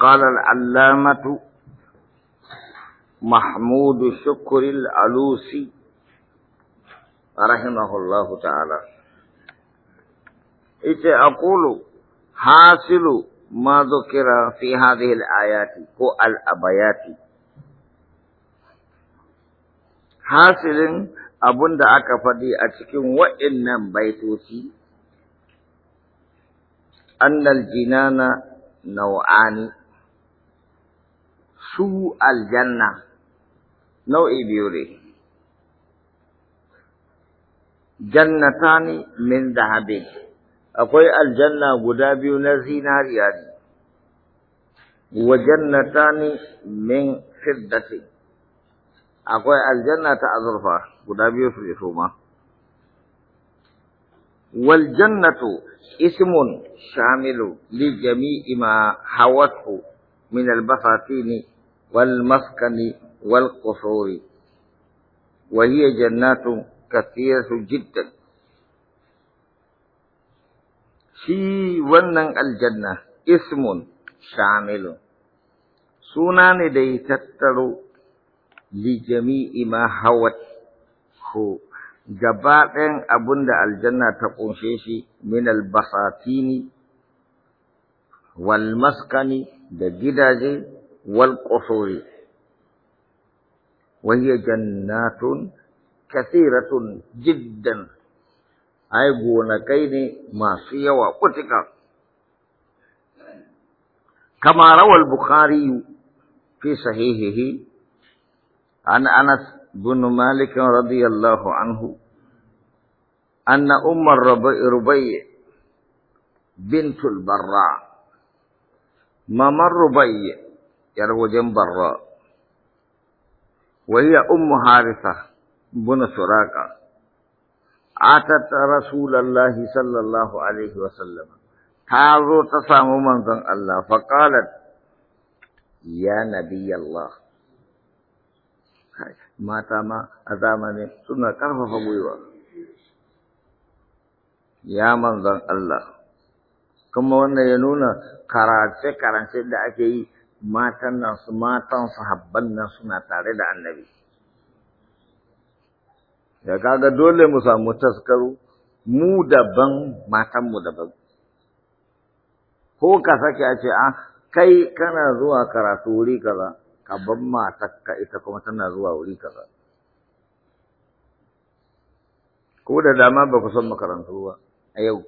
قال العلامة محمود شكر الألوسي رحمه الله تعالى إذا أقول حاصل ما ذكر في هذه الآيات كو الأبيات حاصل abun da aka faɗi a cikin wa'innan baitoci, annal jinana nau'ani, su aljanna nau'i biyu ne jannatani min dahabin akwai aljanna guda biyu na zinariya ne wa jannatani min fiddati akwai aljanna ta azurfa guda biyu su iso ma wal jannatu ismun shamilu li jami'i ma hawatu min al-basatin والمسكن والقصور وهي جنات كثيرة جدا shi wannan aljanna ismun shamilun suna ne da ya tattaro jami'i ma hawat ko gaba ɗayan aljanna ta ƙunshe shi min albasatini wal maskani da gidaje والقصور وهي جنات كثيرة جدا أي ما ماسية وقتك كما روى البخاري في صحيحه عن أنس بن مالك رضي الله عنه أن أم الربيع بنت البراء ممر ربيع yar wajen barra waliya ummu harisa bin suraka atat rasulullahi sallallahu alaihi wa sallam ta zo ta samu manzon Allah fa qalat ya nabiyallah mata ma a zamanin suna ƙarfafa gwiwa ya manzon Allah kuma wannan ya nuna karace karance da ake yi matan nan su matan sahabban nan suna tare da annabi da kaga dole mu samu taskaru mu daban matan mu daban ko ka sake a ce a ah, kai kana zuwa karatu wuri kaza ka ban ka ita kuma tana zuwa wuri kaza ko da dama ba ku san makarantu ba a yau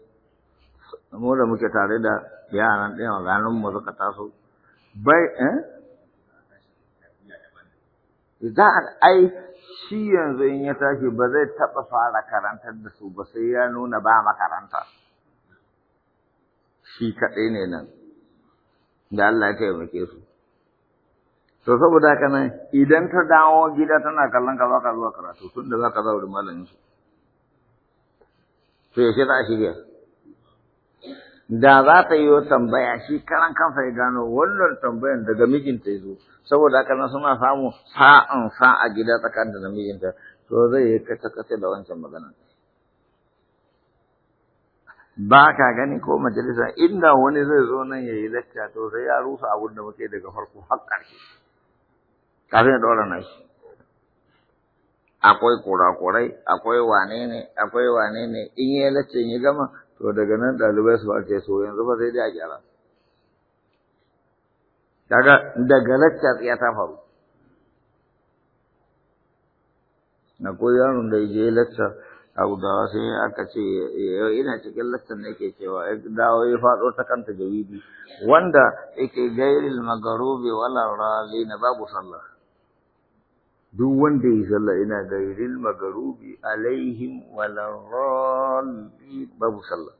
mu da muke tare da yaran ɗaya ganin mu suka taso bai eh za a ai shi yanzu in ya tashi ba zai taɓa fara karantar da su ba sai ya nuna ba makaranta shi kaɗai ne nan da Allah ya taimake su to saboda haka nan idan ta dawo gida tana kallon ka zaka zuwa karatu tunda zaka zauri malamin su to yaushe za a shirya da za ta yi tambaya shi karan kansa ya gano wannan tambayan daga mijinta ya zo saboda haka nan suna samu sa'an sa a gida tsakanin da mijinta to zai yi kace kace da wancan magana ba ka gani ko majalisa inda wani zai zo nan ya yi lacca to sai ya rusa abun da muke daga farko har ƙarshe kafin ya na shi akwai kurakurai akwai wane ne akwai wane ne in yi ya gama to daga nan ɗalibai su ake so yanzu ba sai dai a gyara daga daga lacca tsiya ta faru na koyi yaron da je lacca a gudawa sai aka ce eh, ina cikin lacca da ke cewa ya dawo ya faɗo ta kanta jawidi wanda yake gairil magarobe wala rali na babu sallah duk wanda ya sallah ina gairil magarubi alaihim walarrali babu sallah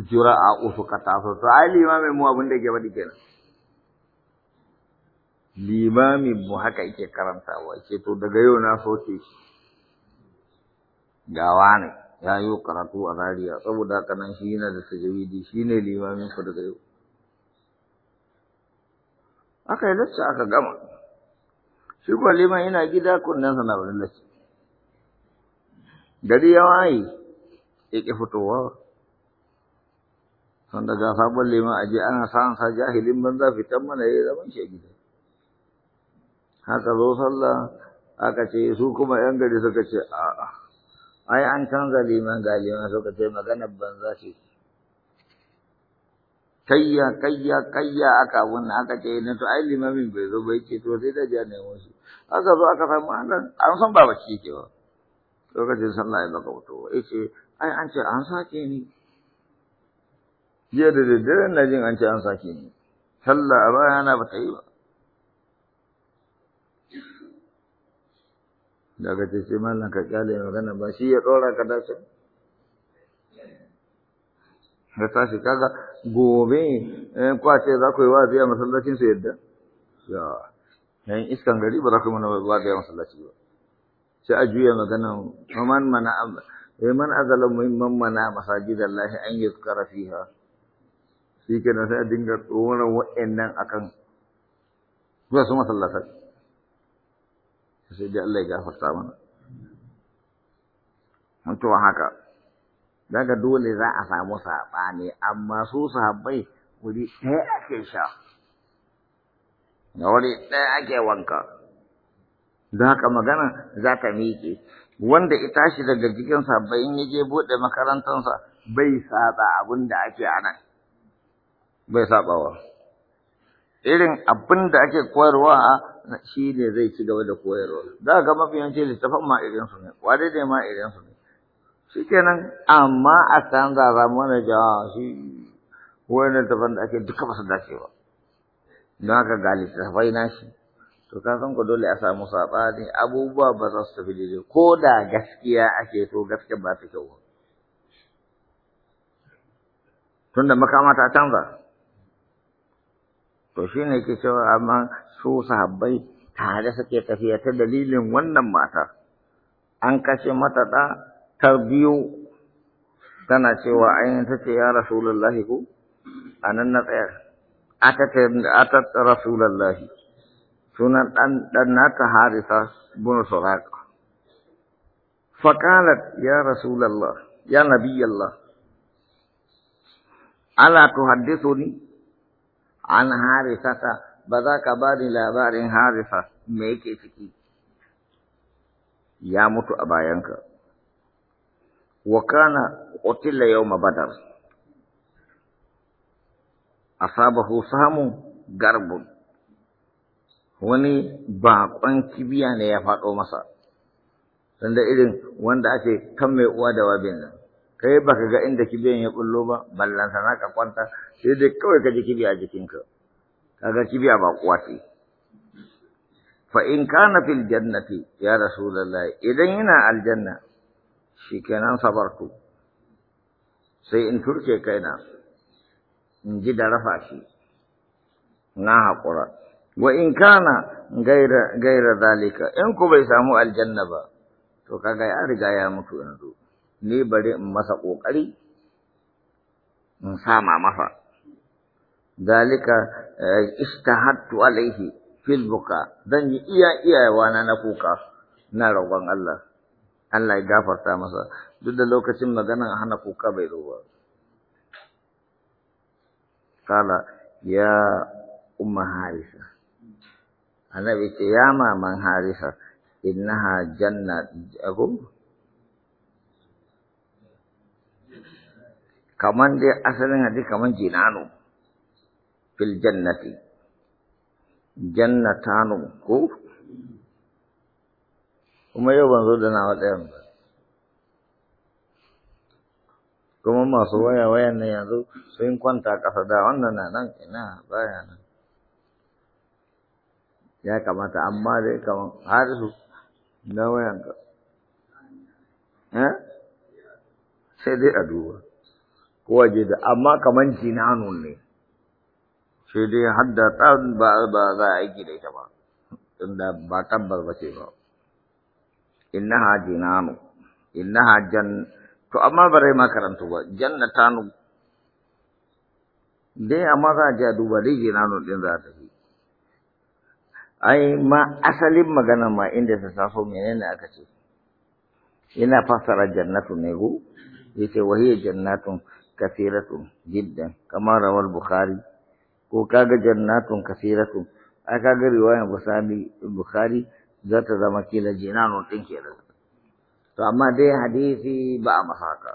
jura'a usu katafa to ai limamin mu abin da yake faɗi kenan limamin mu haka yake karantawa ce to daga yau na soke gawa ne ya yi karatu a rariya saboda haka nan shi yana da sajawidi shi ne limamin ku daga yau aka yi lacca aka gama shi kuwa liman yana gida kunnensa na wani lacci. gari ya waye ya ƙi fitowa sanda ga sabon liman a je ana sa sa jahilin banza fitan mana ya yi zaman shi a gida haka zo sallah aka ce su kuma yan gari suka ce a'a ai an canza liman ga liman suka ce maganar banza shi. kayya kayya kayya aka abun aka ce na to ai limamin bai zo bai ce to sai da ja ne wasu aka zo aka samu an an san ba bacci yake ba lokacin sallah ya baka wuto ya ce ai an ce an sake ni jiya da daddare na jin an ce an sake ni sallah a baya na bata yi ba daga ce sai mallan ka kyale magana ba shi ya dora ka dace ka tashi kaga gobe eh, kwace za ku yi wa zai masallacin su yadda ya yan iskan gari ba za ku yi mana wa zai masallaci ba sai a juya magana man mana eh man azala muhimman mana Allah an yuzkara fiha shi kenan sai a dinga tsoron wa'annan akan zuwa su masallatar sai dai Allah ya gafarta mana mutuwa haka daga dole za a samu saɓani amma su sahabbai wuri ɗaya ake sha na wuri ɗaya ake wanka don haka magana za ta miƙe wanda ita shi daga cikin sahabbai in yake buɗe makarantarsa bai saba abin da ake a nan bai saɓawa irin abin da ake koyarwa shi ne zai ci gaba da koyarwa za ga mafiyanci littafan ma irinsu ne kwadai ne ma irinsu ne shi ama amma a canza za mana jawa shi wani daban da ake duka basu dace ba don haka ga littattafai na shi to ka san ku dole a samu saɓani abubuwa ba za su tafi ko da gaskiya ake to gaskiya ba ta kyau tunda makama ta canza to shi ne ke cewa amma su sahabbai tare suke tafiya ta dalilin wannan mata an kashe mata da ta tana cewa ainihin ta ce ya rasulullahi ko a nan na tsayar ta rasulullahi sunan ɗan ɗan nata harisa bin suraq faqalat ya rasulallah, ya nabiyallah ala ni. an ta ba za ka ba ni labarin harisa me yake ciki ya mutu a bayanka وكان قتل يوم بدر أصابه سهم garbun, wani baƙon kibiya ne ya faɗo masa sanda irin wanda ake kan mai uwa da wabin nan kai baka ga inda kibiyan ya kullo ba ballansa na ka kwanta sai dai kawai ka ji kibiya jikinka kaga kibiya ba kuwa ce fa in kana fil jannati ya rasulullahi idan yana aljanna shikenan sabarku sai in turke kaina in ji da rafa shi na haƙura wa in kana gaira gaira zalika in ku bai samu aljanna ba to kaga ya riga ya mutu yanzu ni bari in masa ƙoƙari in sama masa zalika eh, istahattu alaihi fil buka zan yi iya iyawa na na kuka na rogon Allah Allah ya gafarta masa duk da lokacin maganan hana kuka bai zo ba kala ya umma harisa annabi ce ya maman harisa ha janna abu kaman dai asalin hadi kaman jinanu fil jannati jannatanu ko kuma yau ban zo da nawa ɗayan ba kuma masu waya wayan nan yanzu sun kwanta ƙasa da wannan na nan ina baya nan ya kamata amma dai kamar su na wayan ka eh? sai dai a duba ko waje da amma kamar jinanu ne sai dai hadda ta ba za a aiki da ita ba tunda ba tabbas ba ce ba innaha jinanu innaha jan to amma bare ma karantu ba tanu, dai amma za a ja duba dai jinanu din za ta fi ai ma asalin magana ma inda ta taso menene aka ce ina fassara jannatu ne go yace wahiya jannatun kasiratun jiddan kamar rawal bukhari ko kaga jannatun kasiratun aka ga riwayan bukhari bukhari za ta zama kila jinanun ɗin kenan to amma dai hadisi ba a masaka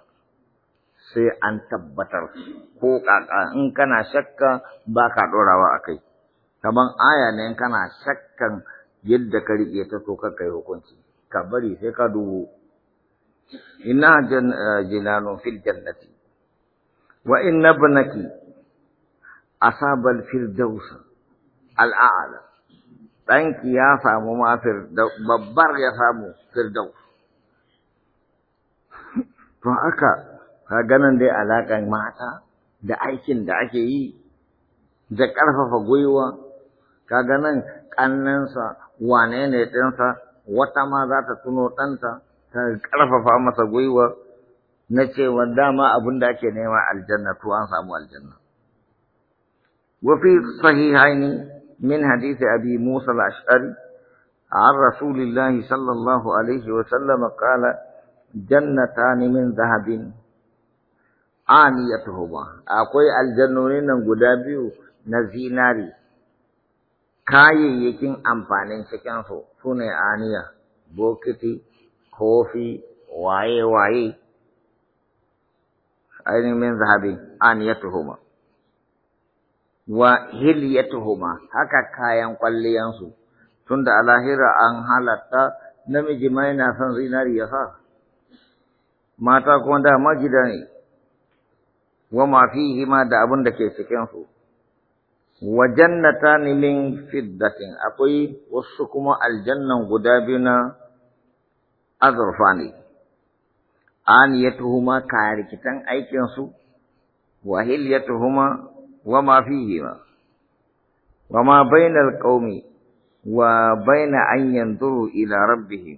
sai an tabbatar ko kaka in kana shakka ba ka ɗorawa a kai kaman aya ne in kana shakkan yadda ka riƙe ta to kai hukunci ka bari sai ka dubo inna eh, jinanun fil jannati wa inna ibnaki asabal firdaus al'a'la ɗanki ya samu ma babbar ya samu firdau. To haka, ka ganin dai alaƙar mata da aikin da ake yi, da ƙarfafa gwiwa, ka ganin ƙannensa wane ne ɗinsa, wata ma za ta tuno ɗanta, ta ƙarfafa masa gwiwa na cewa dama abin da ake nema aljanna to an samu aljanna. Wafi sahihaini من حديث أبي موسى الأشعري عن رسول الله صلى الله عليه وسلم قال جنتان من ذهب آنيتهما أقوي الجنونين قدابي نزيناري كاي يكين أمبانين su ne آنية بوكتي kofi, واي واي ainihin من ذهب آنيتهما wa hilyatuhuma haka kayan kwalliyansu tunda a lahira an halatta namiji ma yana son zinari ya sa mata kuma da magida ne wa ma fihi ma da abin da ke cikin su wa jannatan min fiddatin akwai wasu kuma aljannan guda biyu na azurfa ne yatuhuma ka rikitan aikin su wa hilyatuhuma wa ma fihi ma wa ma bainal qaumi wa baina an yanzuru ila rabbihim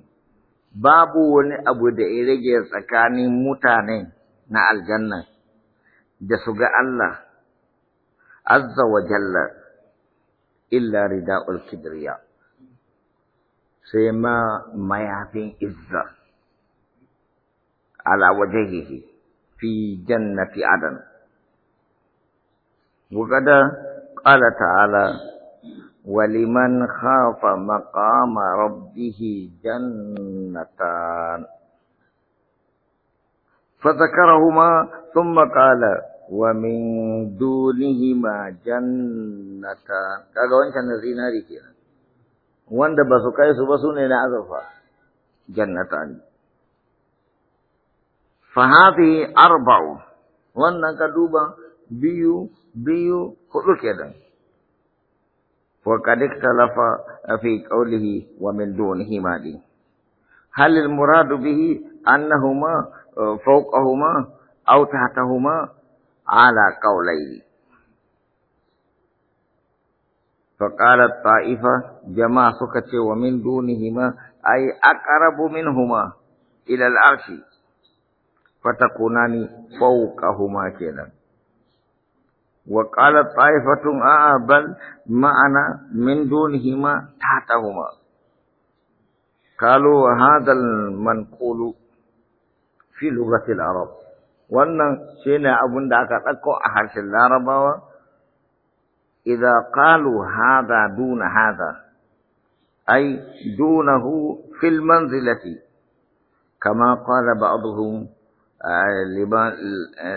babu wani abu da ya rage tsakanin mutane na aljanna da su ga Allah azza wa jalla illa rida'ul kibriya sai ma mayafin izza ala wajhihi fi jannati adana وقد قال تعالى ولمن خاف مقام ربه جنتان فذكرهما ثم قال ومن دونهما جنتان kaga wancan na zinari kenan wanda ba su kai su ba su ne na azurfa jannatan fa hadhihi arba'u wannan ka duba biyu biyu hudu kenan wa qad ikhtalafa fi qawlihi wa min dunihi ma din hal al murad bihi annahuma fawqahuma aw tahtahuma ala qawlayni فقالت طائفة جماعة سكت ومن دونهما أي أقرب منهما إلى العرش فتكونان فوقهما كذا وقال طائفة آه بل معنا من دونهما تحتهما قالوا هذا المنقول في لغة العرب وانا شين ابن داكا تكو احرش العرب اذا قالوا هذا دون هذا اي دونه في المنزلة كما قال بعضهم آه،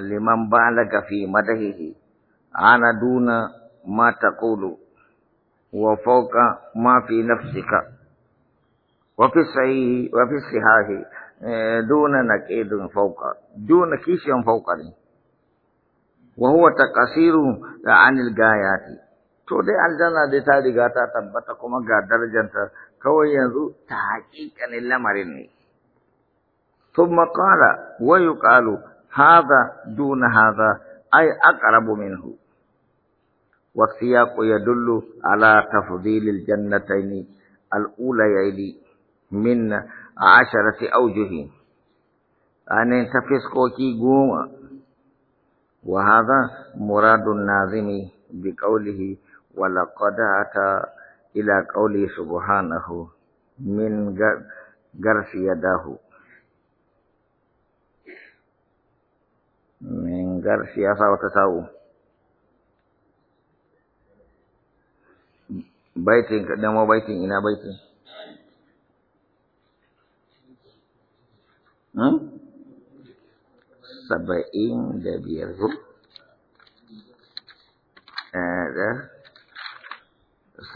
لمن بالغ في مدهه ana duna mata kulu wa fauka ma fi nafsika wafi sai wafi sihahi eh, duna na kedun fauka duna kishiyan fauka ne wa huwa takasiru da anil gayati to dai aljanna dai ta riga ta tabbata kuma ga darajanta kawai yanzu ta hakika haƙiƙanin lamarin ne ثم قال ويقال هذا دون هذا أي أقرب منه والسياق يدل على تفضيل الجنتين الأوليين من عشرة أوجه أن تفسقوكي قوم وهذا مراد الناظم بقوله ولقد أتى إلى قوله سبحانه من غرس يداه من غرس يسا وتساوه baitin ka damo baitin ina baitin hmm? saba'in da biyar ko da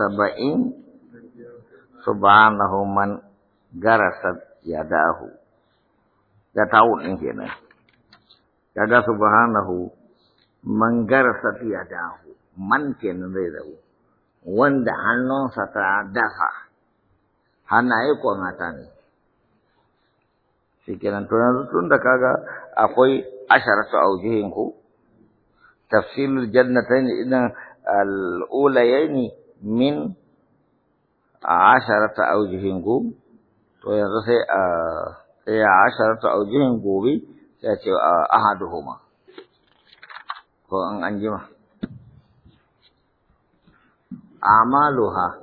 saba'in subhanahu man garasat yadahu da tawun ɗin kenan kaga subhanahu man garasat yadahu man kenan zai zama wanda hannunsa ta dafa hannaye kuwa mata ne shi kenan to yanzu tun da kaga akwai asharatu aujihin ku tafsilul jannatain idan al-ulayaini min asharatu aujihin ku to yanzu sai a sai asharatu aujihin gobe sai a ce ahaduhuma ko an anjima amaluha